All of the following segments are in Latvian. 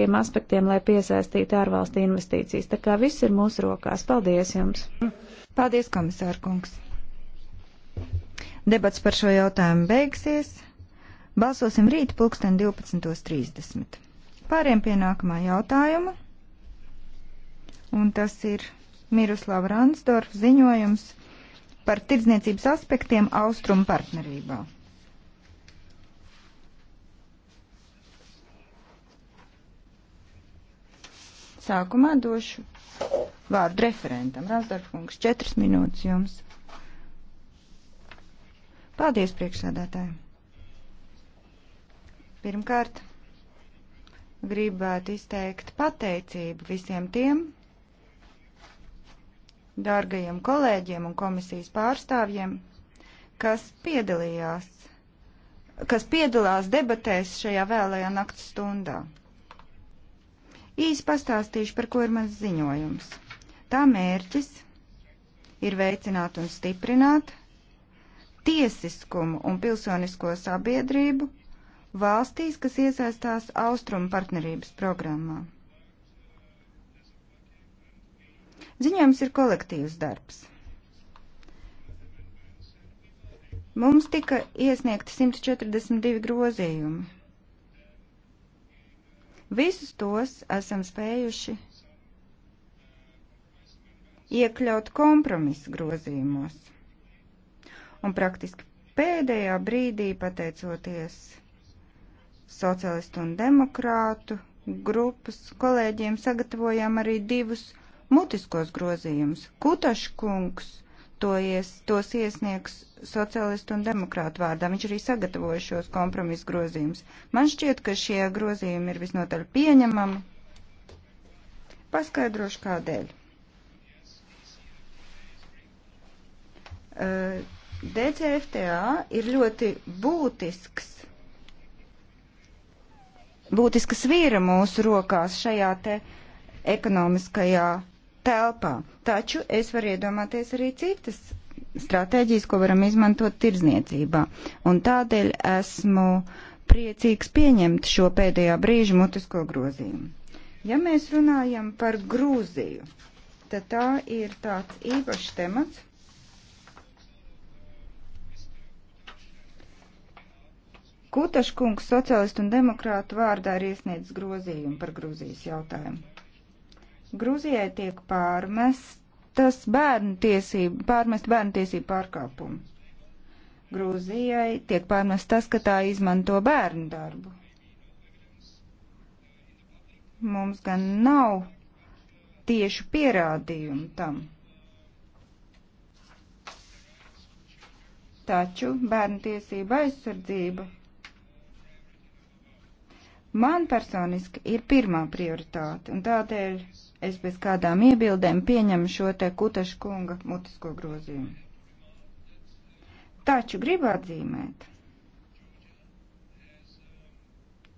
būtiskiem aspektiem, lai piesaistītu ārvalstu investīcijas. Tā kā viss ir mūsu rokās. Paldies jums! Paldies, komisārkungs! Debats par šo jautājumu beigsies. Balsosim rīt pulksten 12.30. Pāriem pie nākamā jautājuma. Un tas ir Miruslava Ransdorf ziņojums par tirdzniecības aspektiem austrumu partnerībā. Sākumā došu vārdu referentam. Razdorfkungs, četras minūtes jums. Paldies, priekšsēdētāji. Pirmkārt, gribētu izteikt pateicību visiem tiem, dārgajiem kolēģiem un komisijas pārstāvjiem, kas piedalījās, kas piedalās debatēs šajā vēlajā naktas stundā. Īsi pastāstīšu, par ko ir mans ziņojums. Tā mērķis ir veicināt un stiprināt tiesiskumu un pilsonisko sabiedrību valstīs, kas iesaistās Austrumu partnerības programmā. Ziņojums ir kolektīvs darbs. Mums tika iesniegti 142 grozījumi. Visus tos esam spējuši iekļaut kompromisu grozījumos. Un praktiski pēdējā brīdī, pateicoties socialistu un demokrātu grupas kolēģiem, sagatavojām arī divus mutiskos grozījumus. Kutaškungs tos iesniegs sociālistu un demokrātu vārdā. Viņš arī sagatavoja šos kompromisu grozījumus. Man šķiet, ka šie grozījumi ir visnotaļ pieņemami. Paskaidrošu kādēļ. DCFTA ir ļoti būtisks būtiska svīra mūsu rokās šajā te ekonomiskajā telpā. Taču es varu iedomāties arī citas stratēģijas, ko varam izmantot tirdzniecībā. Un tādēļ esmu priecīgs pieņemt šo pēdējā brīža mutisko grozījumu. Ja mēs runājam par Grūziju, tad tā ir tāds īpašs temats. Kutaškungs socialistu un demokrātu vārdā ir iesniedzis grozījumu par Grūzijas jautājumu. Grūzijai tiek pārmestas bērnu tiesību, pārmest bērnu tiesību pārkāpumu. Grūzijai tiek pārmest tas, ka tā izmanto bērnu darbu. Mums gan nav tieši pierādījumu tam. Taču bērnu tiesība aizsardzība Man personiski ir pirmā prioritāte, un tādēļ es bez kādām iebildēm pieņemu šo te kutašu kunga mutisko grozījumu. Taču gribu atzīmēt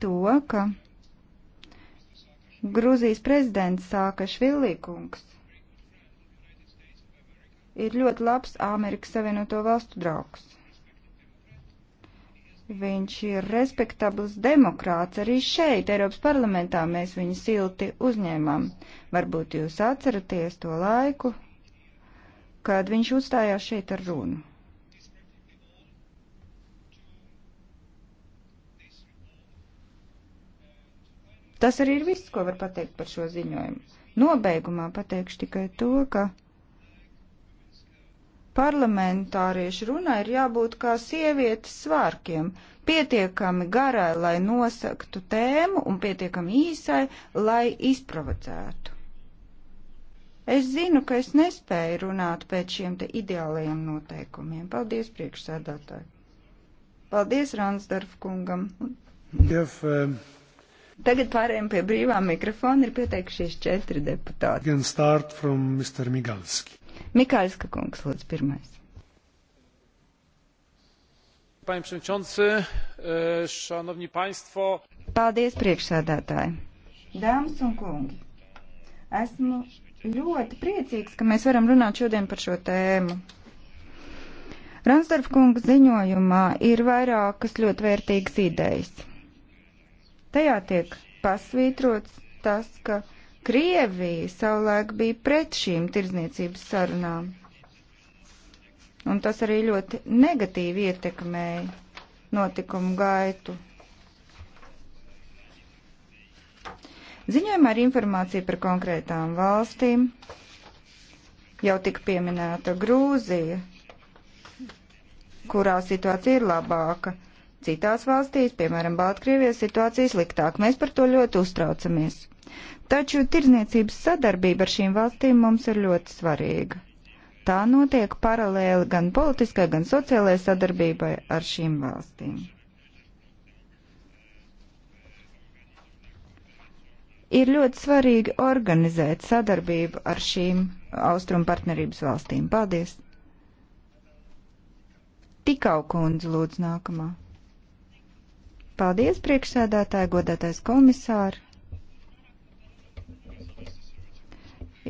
to, ka Grūzijas prezidents Sākašvili kungs ir ļoti labs Amerikas Savienoto Valstu draugs. Viņš ir respektabls demokrāts arī šeit, Eiropas parlamentā, mēs viņu silti uzņēmām. Varbūt jūs atceraties to laiku, kad viņš uzstājās šeit ar runu. Tas arī ir viss, ko var pateikt par šo ziņojumu. Nobeigumā pateikšu tikai to, ka Parlamentāriešu runai ir jābūt kā sievietes svārkiem, pietiekami garai, lai nosaktu tēmu un pietiekami īsai, lai izprovocētu. Es zinu, ka es nespēju runāt pēc šiem te ideālajiem noteikumiem. Paldies, priekšsēdētāji. Paldies, Ransdorf kungam. Jef, um... Tagad pārējiem pie brīvā mikrofona ir pieteikušies četri deputāti. From Mr. Migalski. Mikaļska kungs, lūdzu, pirmais. E, Paldies, priekšsēdētāji. Dāmas un kungi, esmu ļoti priecīgs, ka mēs varam runāt šodien par šo tēmu. Ransdorf kunga ziņojumā ir vairākas ļoti vērtīgas idejas. Tajā tiek pasvītrots tas, ka Krievija savulaik bija pret šīm tirdzniecības sarunām, un tas arī ļoti negatīvi ietekmēja notikumu gaitu. Ziņojumā ir informācija par konkrētām valstīm, jau tika pieminēta Grūzija, kurā situācija ir labāka. Citās valstīs, piemēram, Baltkrievijas situācija sliktāk. Mēs par to ļoti uztraucamies. Taču tirzniecības sadarbība ar šīm valstīm mums ir ļoti svarīga. Tā notiek paralēli gan politiskai, gan sociālajai sadarbībai ar šīm valstīm. ir ļoti svarīgi organizēt sadarbību ar šīm austrumu partnerības valstīm. Paldies! Tikau kundze lūdzu nākamā. Paldies, priekšsēdētāji, godātais komisāri!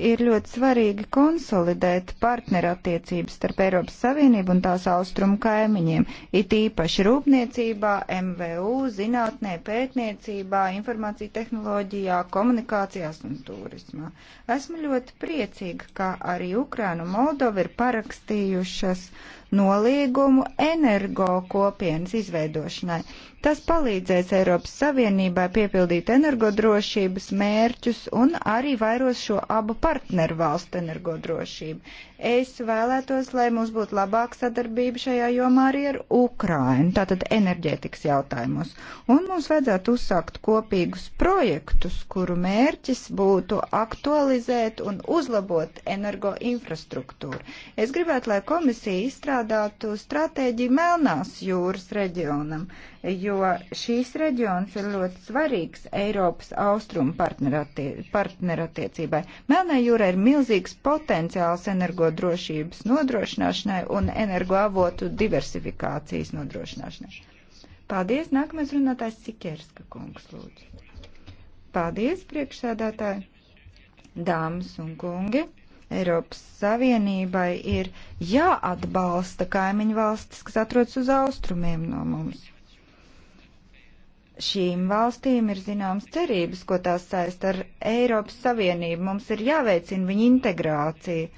ir ļoti svarīgi konsolidēt partnerattiecības starp Eiropas Savienību un tās austrumu kaimiņiem, it īpaši rūpniecībā, MVU, zinātnē, pētniecībā, informācija tehnoloģijā, komunikācijās un turismā. Esmu ļoti priecīga, ka arī Ukraina un Moldova ir parakstījušas noliegumu energo kopienas izveidošanai. Tas palīdzēs Eiropas Savienībai piepildīt energodrošības mērķus un arī vairos šo abu partiju partneru valstu energodrošību. Es vēlētos, lai mums būtu labāka sadarbība šajā jomā arī ar Ukrainu, tātad enerģētikas jautājumos. Un mums vajadzētu uzsākt kopīgus projektus, kuru mērķis būtu aktualizēt un uzlabot energoinfrastruktūru. Es gribētu, lai komisija izstrādātu stratēģiju Melnās jūras reģionam, jo šīs reģions ir ļoti svarīgs Eiropas austrumu partnerattiecībai. Partnerattie Melnējūra ir milzīgs potenciāls energodrošības nodrošināšanai un energoavotu diversifikācijas nodrošināšanai. Paldies, nākamais runātājs Sikerska kungs, lūdzu. Paldies, priekšsēdētāji, dāmas un kungi. Eiropas Savienībai ir jāatbalsta kaimiņu valstis, kas atrodas uz austrumiem no mums. Šīm valstīm ir zināmas cerības, ko tās saist ar Eiropas Savienību. Mums ir jāveicina viņa integrācija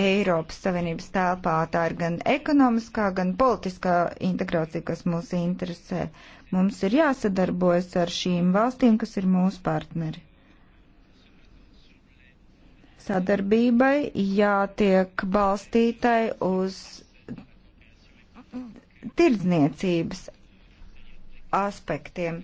Eiropas Savienības telpā. Tā ir gan ekonomiskā, gan politiskā integrācija, kas mūs interesē. Mums ir jāsadarbojas ar šīm valstīm, kas ir mūsu partneri sadarbībai jātiek balstītai uz tirdzniecības aspektiem.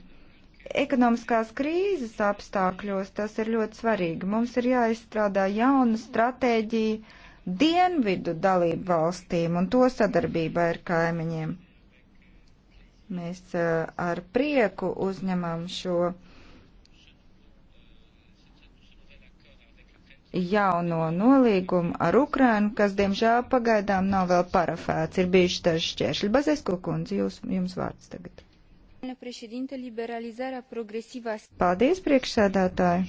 Ekonomiskās krīzes apstākļos tas ir ļoti svarīgi. Mums ir jāizstrādā jauna stratēģija dienvidu dalību valstīm un to sadarbībā ar kaimiņiem. Mēs eh, ar prieku uzņemam šo jauno nolīgumu ar Ukrainu, kas, diemžēl, pagaidām nav vēl parafēts. Ir bijuši daži šķēršļi. Bazēs, ko kundze, jūs, jums vārds tagad. Liberalizarea progresivā. Paldies, priekšsēdētāji!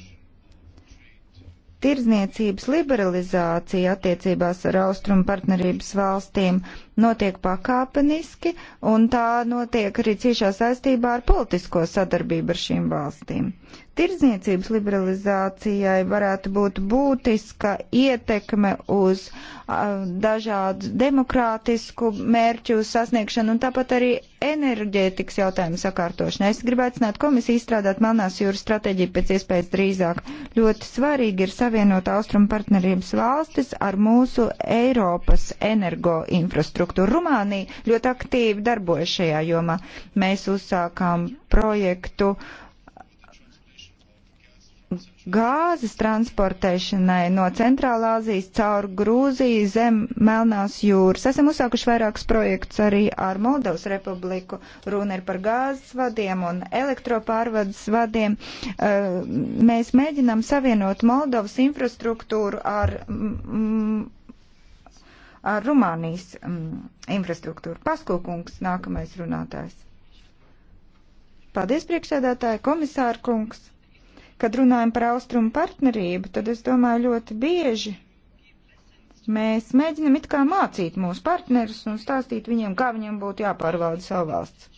Tirzniecības liberalizācija attiecībās ar austrumu partnerības valstīm notiek pakāpeniski, un tā notiek arī ciešā saistībā ar politisko sadarbību ar šīm valstīm. Tirzniecības liberalizācijai varētu būt būtiska ietekme uz uh, dažādu demokrātisku mērķu sasniegšanu un tāpat arī enerģētikas jautājumu sakārtošanai. Es gribētu aicināt komisiju izstrādāt Melnās jūras stratēģiju pēc iespējas drīzāk. Ļoti svarīgi ir savienot austrumu partnerības valstis ar mūsu Eiropas energoinfrastruktūru. Rumānija ļoti aktīvi darbojas šajā jomā. Mēs uzsākām projektu uh, gāzes transportēšanai no Centrālāzijas caur Grūziju zem Melnās jūras. Esam uzsākuši vairākus projektus arī ar Moldovas republiku. Runa ir par gāzes vadiem un elektropārvades vadiem. Eh, mēs mēģinām savienot Moldovas infrastruktūru ar. Mm, ar Rumānijas um, infrastruktūru. Paskokungs, nākamais runātājs. Paldies, priekšsēdētāji, komisāra kungs. Kad runājam par austrumu partnerību, tad es domāju ļoti bieži mēs mēģinam it kā mācīt mūsu partnerus un stāstīt viņiem, kā viņiem būtu jāpārvalda savu valsts.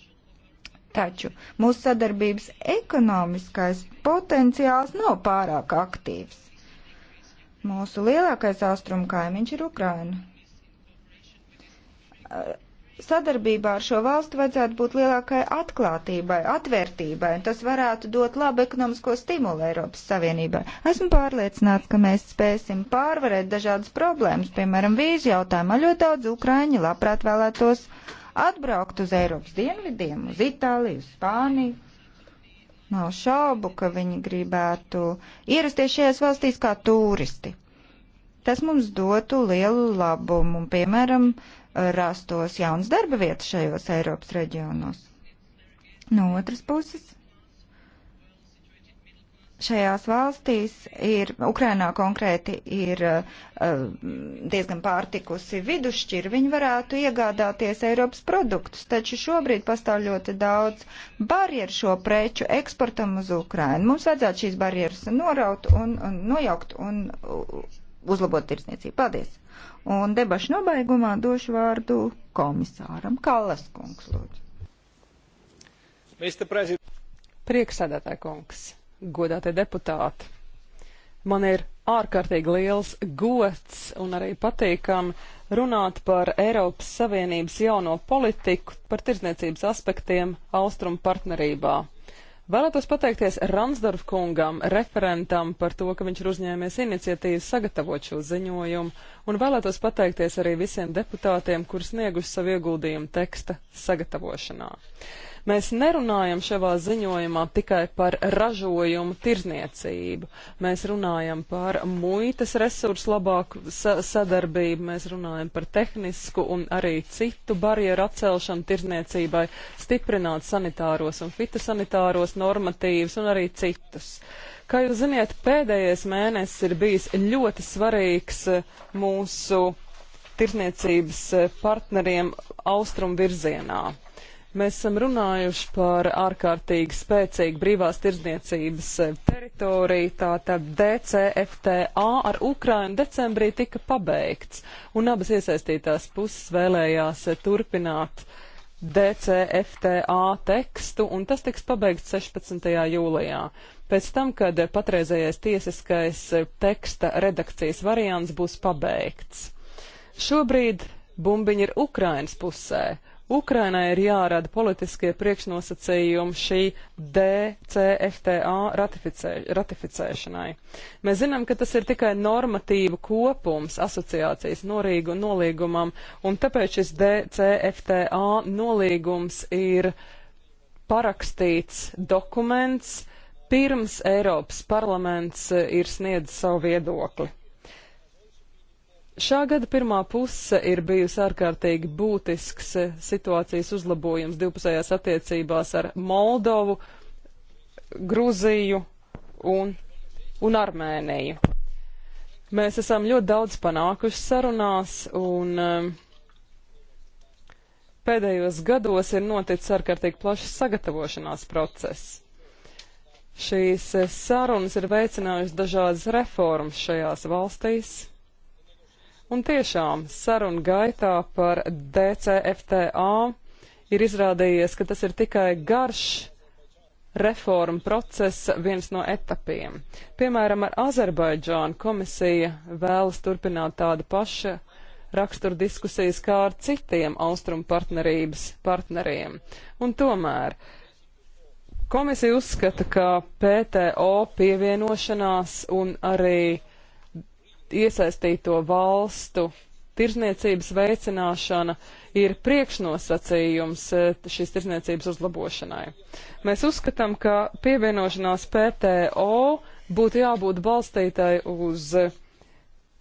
Taču mūsu sadarbības ekonomiskais potenciāls nav pārāk aktīvs. Mūsu lielākais austrumu kaimiņš ir Ukraina sadarbībā ar šo valstu vajadzētu būt lielākai atklātībai, atvērtībai, un tas varētu dot labu ekonomisko stimulu Eiropas Savienībai. Esmu pārliecināts, ka mēs spēsim pārvarēt dažādas problēmas, piemēram, vīzu jautājumā ļoti daudz ukraiņi labprāt vēlētos atbraukt uz Eiropas dienvidiem, uz Itāliju, uz Spāniju. Nav šaubu, ka viņi gribētu ierasties šajās valstīs kā turisti. Tas mums dotu lielu labumu un, piemēram, rastos jauns darba vietas šajos Eiropas reģionos. No otras puses, šajās valstīs ir, Ukrainā konkrēti ir uh, diezgan pārtikusi vidušķir, viņi varētu iegādāties Eiropas produktus, taču šobrīd pastāv ļoti daudz barjeru šo preču eksportam uz Ukrainu. Mums vajadzētu šīs barjeras noraut un, un nojaukt un uzlabot tirsniecību. Paldies! Un debašu nobeigumā došu vārdu komisāram Kallas kungs, lūdzu. Prieksēdētāj kungs, godātie deputāti, man ir ārkārtīgi liels gods un arī patīkam runāt par Eiropas Savienības jauno politiku, par tirsniecības aspektiem Austrum partnerībā. Vēlētos pateikties Ransdorf kungam, referentam par to, ka viņš ir uzņēmies iniciatīvu sagatavot šo ziņojumu un vēlētos pateikties arī visiem deputātiem, kur snieguši savu ieguldījumu teksta sagatavošanā. Mēs nerunājam šajā ziņojumā tikai par ražojumu tirzniecību. Mēs runājam par muitas resursu labāku sa sadarbību, mēs runājam par tehnisku un arī citu barjeru atcelšanu tirzniecībai, stiprināt sanitāros un fitosanitāros normatīvus un arī citus. Uh, Kā jūs ziniet, pēdējais mēnesis ir bijis ļoti svarīgs eh, mūsu tirsniecības eh, partneriem austrumu virzienā. Mēs esam runājuši par ārkārtīgi spēcīgu brīvās tirdzniecības eh, teritoriju, tātad DCFTA ar Ukrainu decembrī tika pabeigts, un abas iesaistītās puses vēlējās turpināt DCFTA tekstu, un tas tiks pabeigts 16. jūlijā pēc tam, kad patreizējais tiesiskais teksta redakcijas variants būs pabeigts. Šobrīd bumbiņi ir Ukrainas pusē. Ukrainai ir jārada politiskie priekšnosacījumi šī DCFTA ratificē, ratificēšanai. Mēs zinām, ka tas ir tikai normatīva kopums asociācijas norīgu nolīgumam, un tāpēc šis DCFTA nolīgums ir parakstīts dokuments, uh, pirms Eiropas parlaments eh, ir sniedzis savu viedokli. Šā gada pirmā puse ir bijusi ārkārtīgi būtisks eh, situācijas uzlabojums divpusējās attiecībās ar Moldovu, Gruziju un, un Armēniju. Mēs esam ļoti daudz panākuši sarunās un um, pēdējos gados ir noticis ārkārtīgi plašs sagatavošanās process. Šīs eh, sarunas ir veicinājusi dažādas reformas šajās valstīs. Un tiešām sarunu gaitā par DCFTA ir izrādījies, ka tas ir tikai garš reformu procesa viens no etapiem. Piemēram, ar Azerbaidžānu komisija vēlas turpināt tādu pašu raksturu diskusijas kā ar citiem austrumu partnerības partneriem. Un tomēr Komisija uzskata, ka PTO pievienošanās un arī iesaistīto valstu tirzniecības veicināšana ir priekšnosacījums e, šīs tirzniecības uzlabošanai. Mēs uzskatām, ka pievienošanās PTO būtu jābūt balstītai uz uh,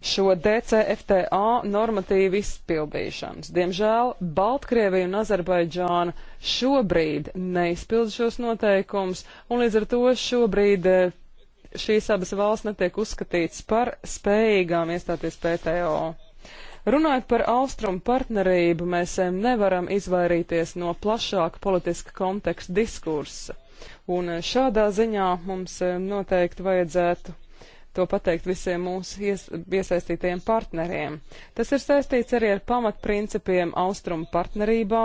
šo DCFTA normatīvu izpildīšanas. Diemžēl Baltkrievija un Azerbaidžāna šobrīd neizpild šos noteikumus, un līdz ar to šobrīd eh, šīs abas valsts netiek uzskatītas par spējīgām iestāties PTO. Runājot par austrumu partnerību, mēs eh, nevaram izvairīties no plašāka politiska konteksta diskursa, un eh, šādā ziņā mums noteikti vajadzētu to pateikt visiem mūsu ies, iesaistītajiem partneriem. Tas ir saistīts arī ar pamatprincipiem austrumu partnerībā,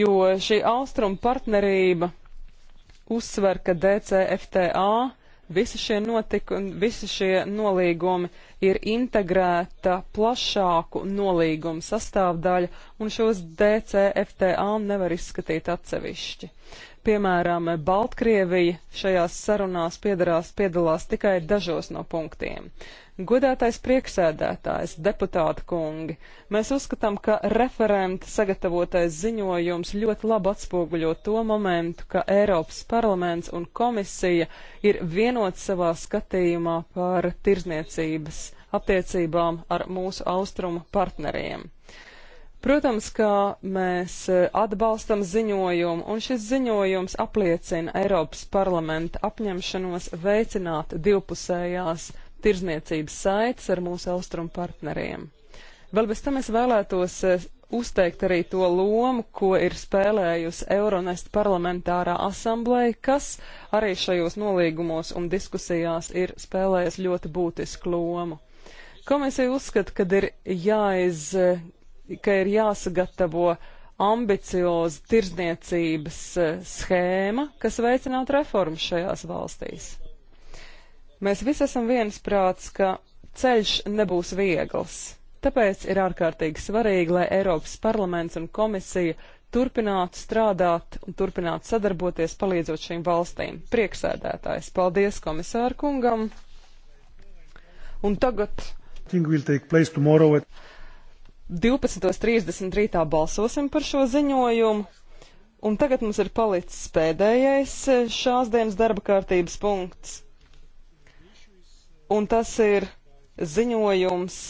jo šī austrumu partnerība uzsver, ka DCFTA visi šie notikumi, visi šie nolīgumi ir integrēta plašāku nolīgumu sastāvdaļa, un šos DCFTA nevar izskatīt atsevišķi. Piemēram, Baltkrievija šajās sarunās piedarās, piedalās tikai dažos no punktiem. Godātais prieksēdētājs, deputāta kungi, mēs uzskatām, ka referenta sagatavotais ziņojums ļoti labi atspoguļo to momentu, ka Eiropas parlaments un komisija ir vienots savā skatījumā par tirzniecības attiecībām ar mūsu austrumu partneriem. Protams, ka mēs eh, atbalstam ziņojumu, un šis ziņojums apliecina Eiropas parlamenta apņemšanos veicināt divpusējās tirzniecības saites ar mūsu austrumu partneriem. Vēl bez tam es vēlētos eh, uzteikt arī to lomu, ko ir spēlējusi Euronest parlamentārā asambleja, kas arī šajos nolīgumos un diskusijās ir spēlējusi ļoti būtisku lomu. Komisija uzskata, ka ir jāiz eh, ka ir jāsagatavo ambicioza tirdzniecības eh, schēma, kas veicinātu reformas šajās valstīs. Mēs visi esam viensprāts, ka ceļš nebūs viegls. Tāpēc ir ārkārtīgi svarīgi, lai Eiropas parlaments un komisija turpinātu strādāt un turpinātu sadarboties, palīdzot šīm valstīm. Prieksēdētājs, paldies komisāru kungam! Un tagad. At... 12.30 rītā balsosim par šo ziņojumu. Un tagad mums ir palicis pēdējais eh, šās dienas darba kārtības punkts. Un tas ir ziņojums